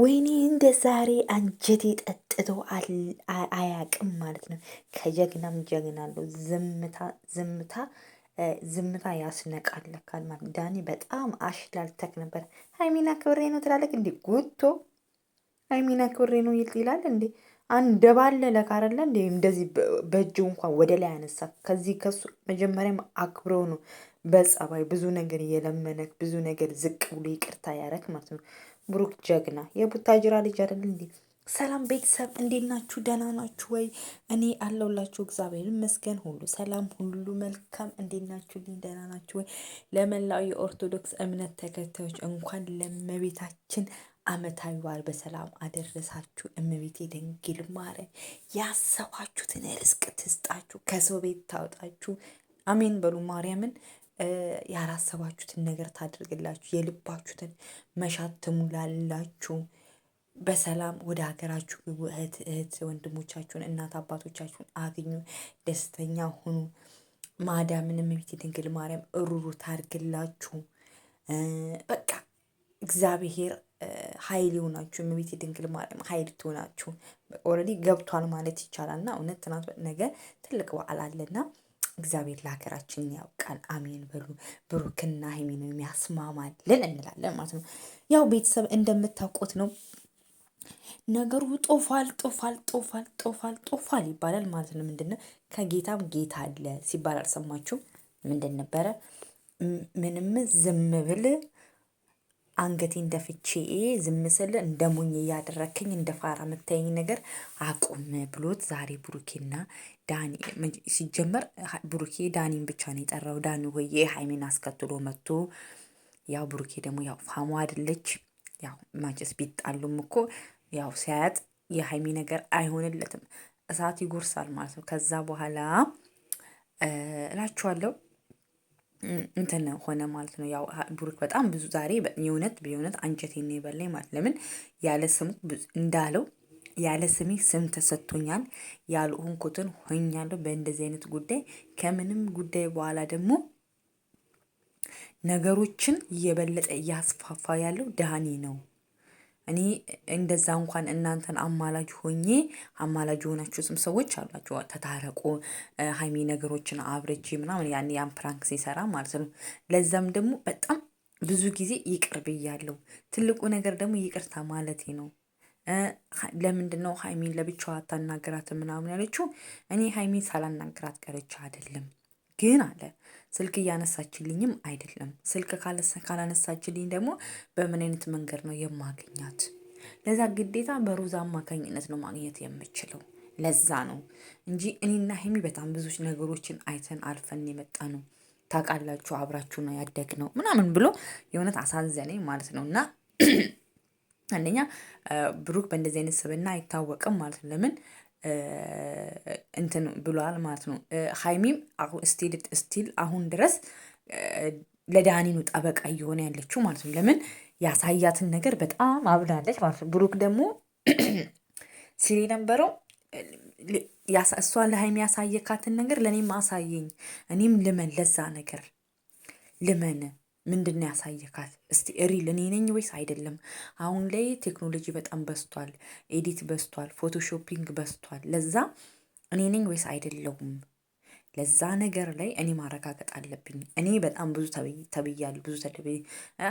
ወይኔ እንደ ዛሬ አንጀቴ ጠጥቶ አያቅም ማለት ነው። ከጀግናም ጀግና አለው። ዝምታ ዝምታ ዝምታ ያስነቃለካል ማለት ዳኒ በጣም አሽላልተክ ነበር። ሀይሚና ክብሬ ነው ትላለክ እንዴ ጉቶ ሀይሚና ክብሬ ነው ይላል እንዴ አንደባለለክ አይደለ እንዴ? እንደዚህ በእጁ እንኳን ወደ ላይ አነሳ። ከዚህ ከሱ መጀመሪያም አክብረው ነው በጸባይ ብዙ ነገር የለመነክ ብዙ ነገር ዝቅ ብሎ ይቅርታ ያረክ ማለት ነው። ብሩክ ጀግና የቡታጅራ ልጅ አይደለ እንዴ? ሰላም ቤተሰብ እንዴት ናችሁ? ደህና ናችሁ ወይ? እኔ አለሁላችሁ። እግዚአብሔር ይመስገን፣ ሁሉ ሰላም፣ ሁሉ መልካም። እንዴት ናችሁ? ደህና ናችሁ ወይ? ለመላው የኦርቶዶክስ እምነት ተከታዮች እንኳን ለመቤታችን ዓመታዊ በዓል በሰላም አደረሳችሁ እመቤቴ ድንግል ማርያም። ያሰባችሁትን ርዝቅ ትስጣችሁ፣ ከሰው ቤት ታወጣችሁ። አሜን በሉ ማርያምን። ያላሰባችሁትን ነገር ታደርግላችሁ፣ የልባችሁትን መሻት ትሙላላችሁ። በሰላም ወደ ሀገራችሁ ግቡ። እህት እህት ወንድሞቻችሁን እናት አባቶቻችሁን አግኙ፣ ደስተኛ ሁኑ። ማዳምን እመቤቴ ድንግል ማርያም እሩሩ ታርግላችሁ። በቃ እግዚአብሔር ኃይል ይሆናችሁ እመቤቴ ድንግል ማርያም ኃይል ትሆናችሁ። ኦልሬዲ ገብቷል ማለት ይቻላል። እና እውነት ትናንት ነገ ትልቅ በዓል አለና እግዚአብሔር ለሀገራችን ያውቃል። አሜን በሉ። ብሩክና ሀይሚ ነው የሚያስማማልን እንላለን ማለት ነው። ያው ቤተሰብ እንደምታውቁት ነው ነገሩ ጦፋል ጦፋል ጦፋል ጦፋል ጦፋል ይባላል ማለት ነው። ምንድነው ከጌታም ጌታ አለ ሲባል አልሰማችሁም? ምንድን ነበረ ምንም ዝም ብል አንገቴን ደፍቼ ዝም ስል እንደ ሞኝ እያደረከኝ እንደ ፋራ የምታየኝ ነገር አቁም ብሎት ዛሬ ብሩኬና ዳኒ ሲጀመር ብሩኬ ዳኒን ብቻ ነው የጠራው። ዳኒ ሆዬ ሀይሜን አስከትሎ መጥቶ ያው ብሩኬ ደግሞ ያው ፋሙ አደለች። ያው ማጭስ ቢጣሉም እኮ ያው ሲያያጥ የሀይሜ ነገር አይሆንለትም፣ እሳት ይጎርሳል ማለት ነው። ከዛ በኋላ እላችኋለሁ እንትን ሆነ ማለት ነው። ያው ብሩክ በጣም ብዙ ዛሬ የእውነት የእውነት አንጀቴን የበላኝ ማለት ለምን ያለ ስሙ እንዳለው ያለ ስሜ ስም ተሰጥቶኛል፣ ያልሆንኩትን ሆኛለሁ። በእንደዚህ አይነት ጉዳይ ከምንም ጉዳይ በኋላ ደግሞ ነገሮችን እየበለጠ እያስፋፋ ያለው ዳኒ ነው። እኔ እንደዛ እንኳን እናንተን አማላጅ ሆኜ አማላጅ የሆናችሁትም ሰዎች አሏቸው። ተታረቁ ሀይሚ ነገሮችን አብረች ምናምን ያን ያን ፕራንክ ሲሰራ ማለት ነው። ለዛም ደግሞ በጣም ብዙ ጊዜ ይቅር ብያለሁ። ትልቁ ነገር ደግሞ ይቅርታ ማለቴ ነው። ለምንድን ነው ሀይሚን ለብቻዋ አታናግራት ምናምን ያለችው? እኔ ሀይሚን ሳላናግራት ቀርቻ አይደለም ግን አለ ስልክ እያነሳችልኝም አይደለም። ስልክ ካላነሳችልኝ ደግሞ በምን አይነት መንገድ ነው የማገኛት? ለዛ ግዴታ በሩዝ አማካኝነት ነው ማግኘት የምችለው። ለዛ ነው እንጂ እኔና ሄሚ በጣም ብዙ ነገሮችን አይተን አልፈን የመጣ ነው። ታውቃላችሁ፣ አብራችሁ ነው ነው ምናምን ብሎ የእውነት አሳዘነኝ ማለት ነው እና አንደኛ ብሩክ በእንደዚህ አይነት ስብና አይታወቅም ማለት ነው። ለምን እንትን ብሏል ማለት ነው። ሀይሚም ስቲል አሁን ድረስ ለዳኒ ነው ጠበቃ እየሆነ ያለችው ማለት ነው። ለምን ያሳያትን ነገር በጣም አብዳለች ማለት ነው። ብሩክ ደግሞ ሲል የነበረው እሷ ለሀይሚ ያሳየካትን ነገር ለእኔም አሳየኝ፣ እኔም ልመን ለዛ ነገር ልመን ምንድን ነው ያሳየካት? እስቲ ሪል እኔ ነኝ ወይስ አይደለም? አሁን ላይ ቴክኖሎጂ በጣም በስቷል፣ ኤዲት በስቷል፣ ፎቶሾፒንግ በስቷል። ለዛ እኔ ነኝ ወይስ አይደለሁም? ለዛ ነገር ላይ እኔ ማረጋገጥ አለብኝ። እኔ በጣም ብዙ ተብያለሁ፣ ብዙ ተደብ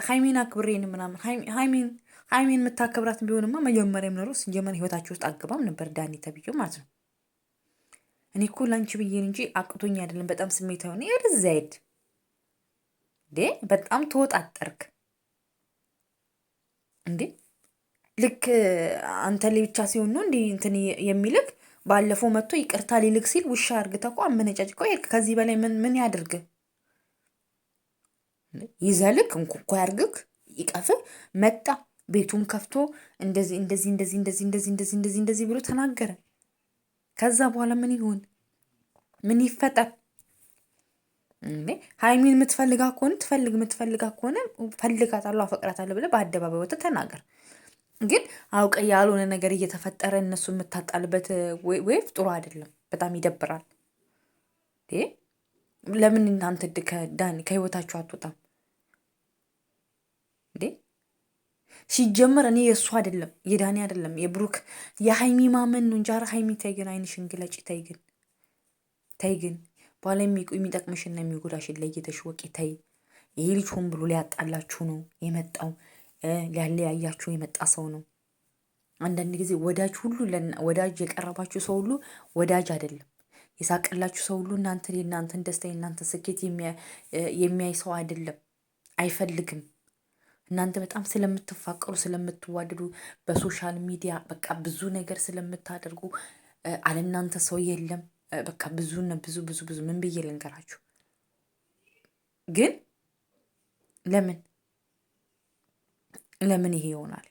ሀይሜን አክብሬን ምናምን ሀይሜን ሀይሜን የምታከብራት ቢሆንማ መጀመሪያ ምኖሮ ስጀመር ህይወታቸው ውስጥ አገባም ነበር ዳኒ ተብዬ ማለት ነው። እኔ እኮ ላንቺ ብዬን እንጂ አቅቶኝ አይደለም። በጣም ስሜታዊ ሆነ ርዛይድ እንዴ በጣም ተወጣጠርክ እንዴ ልክ አንተ ላይ ብቻ ሲሆን ነው እንዴ እንትን የሚልክ ባለፈው መጥቶ ይቅርታ ሊልክ ሲል ውሻ አርግተህ እኮ አመነጫጭቀው ሄድክ ከዚህ በላይ ምን ምን ያድርግ ይዘልክ እንኳ ያርግክ ይቀፍህ መጣ ቤቱን ከፍቶ እንደዚህ እንደዚህ እንደዚህ እንደዚህ እንደዚህ እንደዚህ እንደዚህ እንደዚህ ብሎ ተናገረ ከዛ በኋላ ምን ይሆን ምን ይፈጠር እንዴ ሀይሚን የምትፈልጋ ከሆነ ትፈልግ የምትፈልጋ ከሆነ ፈልጋታለሁ፣ አፈቅራታለሁ ብለህ በአደባባይ ወጥተህ ተናገር። ግን አውቀ ያልሆነ ነገር እየተፈጠረ እነሱ የምታጣልበት ወይፍ ጥሩ አይደለም። በጣም ይደብራል። ለምን እናንተ ከዳን ከህይወታችሁ አትወጣም እንዴ? ሲጀመር እኔ የእሱ አይደለም የዳኒ አይደለም የብሩክ የሀይሚ ማመን ነው እንጃር። ሀይሚ ተይግን፣ አይንሽን ግለጪ። ተይግን፣ ተይግን አይንሽን ግለጪ ተይግን በኋላ የሚጠቅምሽና የሚጎዳሽን ለይተሽ ወቂ ተይ። ይሄ ልጅ ሆን ብሎ ሊያጣላችሁ ነው የመጣው፣ ሊያለያያችሁ የመጣ ሰው ነው። አንዳንድ ጊዜ ወዳጅ ሁሉ ወዳጅ የቀረባችሁ ሰው ሁሉ ወዳጅ አይደለም። የሳቀላችሁ ሰው ሁሉ እናንተ የእናንተን ደስታ የእናንተ ስኬት የሚያይ ሰው አይደለም፣ አይፈልግም። እናንተ በጣም ስለምትፋቀሩ ስለምትዋደዱ፣ በሶሻል ሚዲያ በቃ ብዙ ነገር ስለምታደርጉ አለ እናንተ ሰው የለም። በቃ ብዙና ብዙ ብዙ ብዙ ምን ብዬ ልንገራችሁ። ግን ለምን ለምን ይሄ ይሆናል?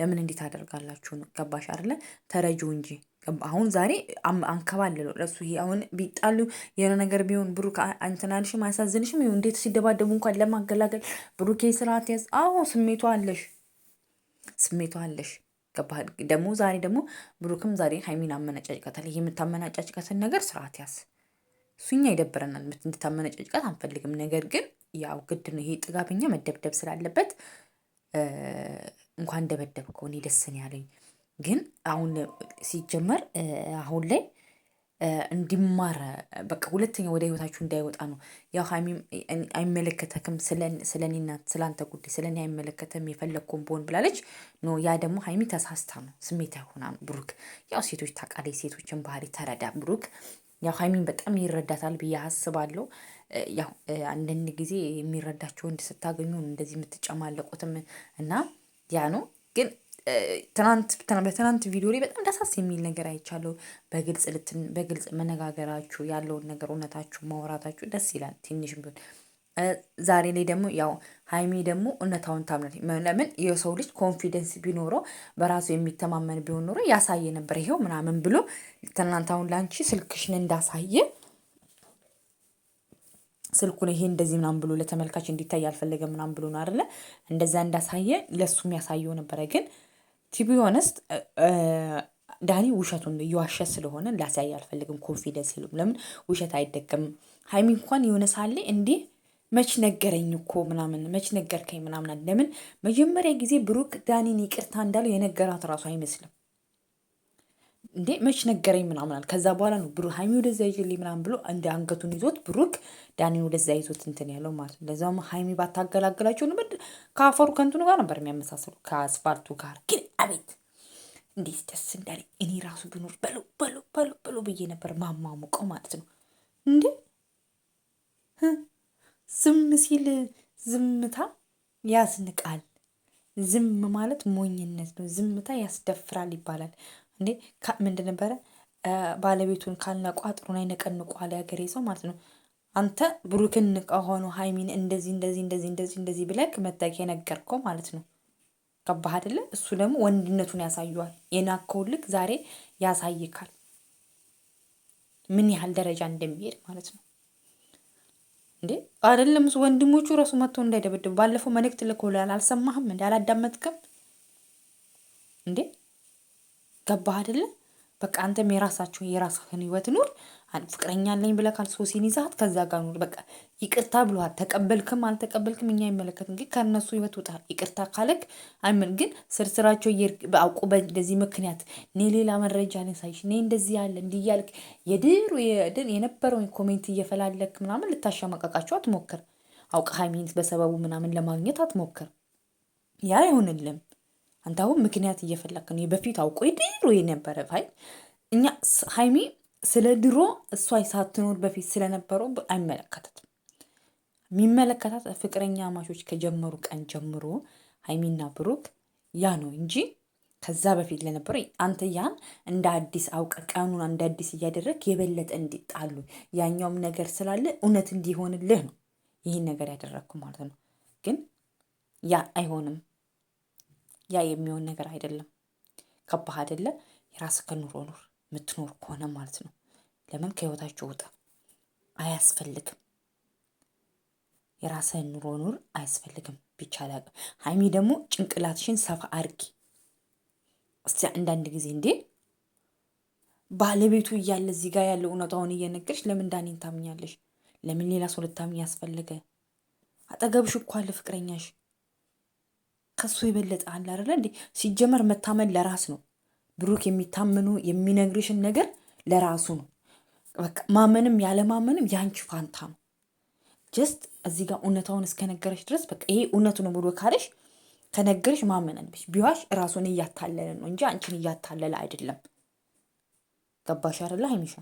ለምን እንዴት አደርጋላችሁ ነው? ገባሽ አይደለ? ተረጂው እንጂ አሁን ዛሬ አንከባልለው ለሱ ይሄ አሁን ቢጣሉ የሆነ ነገር ቢሆን ብሩክ አንትናልሽም አያሳዝንሽም? እንዴት ሲደባደቡ እንኳን ለማገላገል ብሩኬ ስርዓት ያዝ። አዎ ስሜቱ አለሽ፣ ስሜቱ አለሽ። ገባህ? ደግሞ ዛሬ ደግሞ ብሩክም ዛሬ ሀይሚን አመነጫጭቃታል። ይህ የምታመናጫጭቃትን ነገር ስርዓት ያስ እሱኛ ይደብረናል። እንድታመነጫጭቃት አንፈልግም። ነገር ግን ያው ግድ ነው። ይሄ ጥጋበኛ መደብደብ ስላለበት እንኳን ደበደብከው እኔ ደስ ያለኝ። ግን አሁን ሲጀመር አሁን ላይ እንዲማረ በቃ ሁለተኛ ወደ ህይወታችሁ እንዳይወጣ ነው። ያው ሀይሚም አይመለከተክም ስለኔና ስለአንተ ጉዳይ ስለኔ አይመለከተም የፈለግኩም የፈለግከውን ብሆን ብላለች። ኖ ያ ደግሞ ሀይሚ ተሳስታ ነው ስሜት ሆና ነው። ብሩክ ያው ሴቶች ታውቃለች፣ ሴቶችን ባህሪ ተረዳ። ብሩክ ያው ሀይሚን በጣም ይረዳታል ብዬ አስባለሁ። ያው አንዳንድ ጊዜ የሚረዳቸው ወንድ ስታገኙ እንደዚህ የምትጨማለቁትም እና ያ ነው ግን ትናንት በትናንት ቪዲዮ ላይ በጣም ደሳስ የሚል ነገር አይቻለሁ። በግልጽ ልትን በግልጽ መነጋገራችሁ ያለውን ነገር እውነታችሁ ማውራታችሁ ደስ ይላል። ትንሽ ቢሆን ዛሬ ላይ ደግሞ ያው ሀይሚ ደግሞ እውነታውን ታምነት ለምን የሰው ልጅ ኮንፊደንስ ቢኖረው በራሱ የሚተማመን ቢሆን ኖሮ ያሳየ ነበር። ይሄው ምናምን ብሎ ትናንት አሁን ላንቺ ስልክሽን እንዳሳየ ስልኩን ይሄ እንደዚህ ምናምን ብሎ ለተመልካች እንዲታይ ያልፈለገ ምናምን ብሎ ነው አይደለ? እንደዛ እንዳሳየ ለእሱም ያሳየው ነበረ ግን ቲቢ ሆነስት uh, uh, ዳኒ ውሸቱን እየዋሸ ስለሆነ ላሳይ አልፈልግም። ኮንፊደንስ የለውም። ለምን ውሸት አይደገምም። ሀይሚ እንኳን የሆነ ሳለ እንዴ መች ነገረኝ እኮ ምናምን መች ነገርከኝ ምናምን ለምን መጀመሪያ ጊዜ ብሩክ ዳኒን ይቅርታ እንዳለው የነገራት እራሱ አይመስልም። እንዴ መች ነገረኝ ምናምን አለ። ከዛ በኋላ ነው ብሩክ ሀይሚ ወደዛ ይችል ምናምን ብሎ እንደ አንገቱን ይዞት ብሩክ ዳኒን ወደዛ ይዞት እንትን ያለው ማለት ነው። ለዛም ሀይሚ ባታገላግላቸው ንብድ ከአፈሩ ከንቱን ጋር ነበር የሚያመሳሰሉ ከአስፋልቱ ጋር ግን አቤት እንዴት ደስ እንዳለ እኔ ራሱ ብኖር በሎ በሎ በሎ በሎ ብዬ ነበር ማማሙቀው ማለት ነው። እንዴ ዝም ሲል ዝምታ ያስንቃል። ዝም ማለት ሞኝነት ነው፣ ዝምታ ያስደፍራል ይባላል። እንዴ ምንድን ነበረ ባለቤቱን ካልናቁ አይነቀንቋል ያገሬ ሰው ማለት ነው። አንተ ብሩክን ከሆኑ ሀይሚን እንደዚህ እንደዚህ እንደዚህ እንደዚህ እንደዚህ ብለክ መታወቂያ የነገርከው ማለት ነው። ገባህ አይደለ? እሱ ደግሞ ወንድነቱን ያሳየዋል የናከውን ልክ ዛሬ ያሳይካል። ምን ያህል ደረጃ እንደሚሄድ ማለት ነው። እንዴ አይደለም ወንድሞቹ ራሱ መጥቶ እንዳይደበድብ ባለፈው መልእክት ልኮልሃል፣ አልሰማህም? እንደ አላዳመጥክም እንዴ ገባህ አይደለ? በቃ አንተም የራሳችሁን የራስህን ህይወት ኑር። ፍቅረኛ አለኝ ብለህ ሶሲን ይዛት ከዛ ጋር ኑር። በቃ ይቅርታ ብለሃል። ተቀበልክም አልተቀበልክም እኛ አይመለከትም። ግን ከእነሱ ህይወት ውጣ። ይቅርታ ካለክ አይምን ግን ስርስራቸው አውቁ። በእንደዚህ ምክንያት እኔ ሌላ መረጃ ነኝ ሳይሽ እኔ እንደዚህ ያለ እንዲያልክ የድን የነበረውን ኮሜንት እየፈላለክ ምናምን ልታሸማቀቃቸው አትሞክር። አውቀ ሀይሚን በሰበቡ ምናምን ለማግኘት አትሞክር። ያ አይሆንልም። አንተ አሁን ምክንያት እየፈለክ ነው። በፊት አውቆ ድሮ የነበረ ፋይል እኛ ሀይሚ ስለ ድሮ እሷ ሳትኖር በፊት ስለነበረው አይመለከታትም። የሚመለከታት ፍቅረኛ ማሾች ከጀመሩ ቀን ጀምሮ ሀይሚና ብሩክ ያ ነው እንጂ ከዛ በፊት ለነበረ አንተ ያን እንደ አዲስ አውቀ ቀኑን እንደ አዲስ እያደረግ የበለጠ እንዲጣሉ ያኛውም ነገር ስላለ እውነት እንዲሆንልህ ነው ይህን ነገር ያደረግኩ ማለት ነው። ግን ያ አይሆንም። ያ የሚሆን ነገር አይደለም። ከባህ አይደለ? የራስ ከኑሮ ኑር የምትኖር ከሆነ ማለት ነው። ለምን ከህይወታቸው ውጣ አያስፈልግም። የራስህን ኑሮ ኑር አያስፈልግም። ቢቻል አቅም ሀይሚ ደግሞ ጭንቅላትሽን ሰፋ አድርጊ። እስቲ አንዳንድ ጊዜ እንዴ ባለቤቱ እያለ እዚህ ጋር ያለው እውነታውን እየነገርሽ ለምን ዳኔን ታምኛለሽ? ለምን ሌላ ሰው ልታምኝ ያስፈለገ? አጠገብሽ እኮ አለ ፍቅረኛሽ። ከሱ የበለጠ አለ አይደለ እንዴ? ሲጀመር መታመን ለራስ ነው። ብሩክ የሚታምኑ የሚነግርሽን ነገር ለራሱ ነው። በቃ ማመንም ያለማመንም ያንቺ ፋንታ ነው። ጀስት እዚህ ጋር እውነታውን እስከነገረሽ ድረስ በቃ ይሄ እውነቱ ነው ብሎ ካለሽ ከነገርሽ ማመን አለብሽ። ቢዋሽ ራሱን እያታለለ ነው እንጂ አንቺን እያታለለ አይደለም። ገባሽ አይደለ ሀይሚሻ?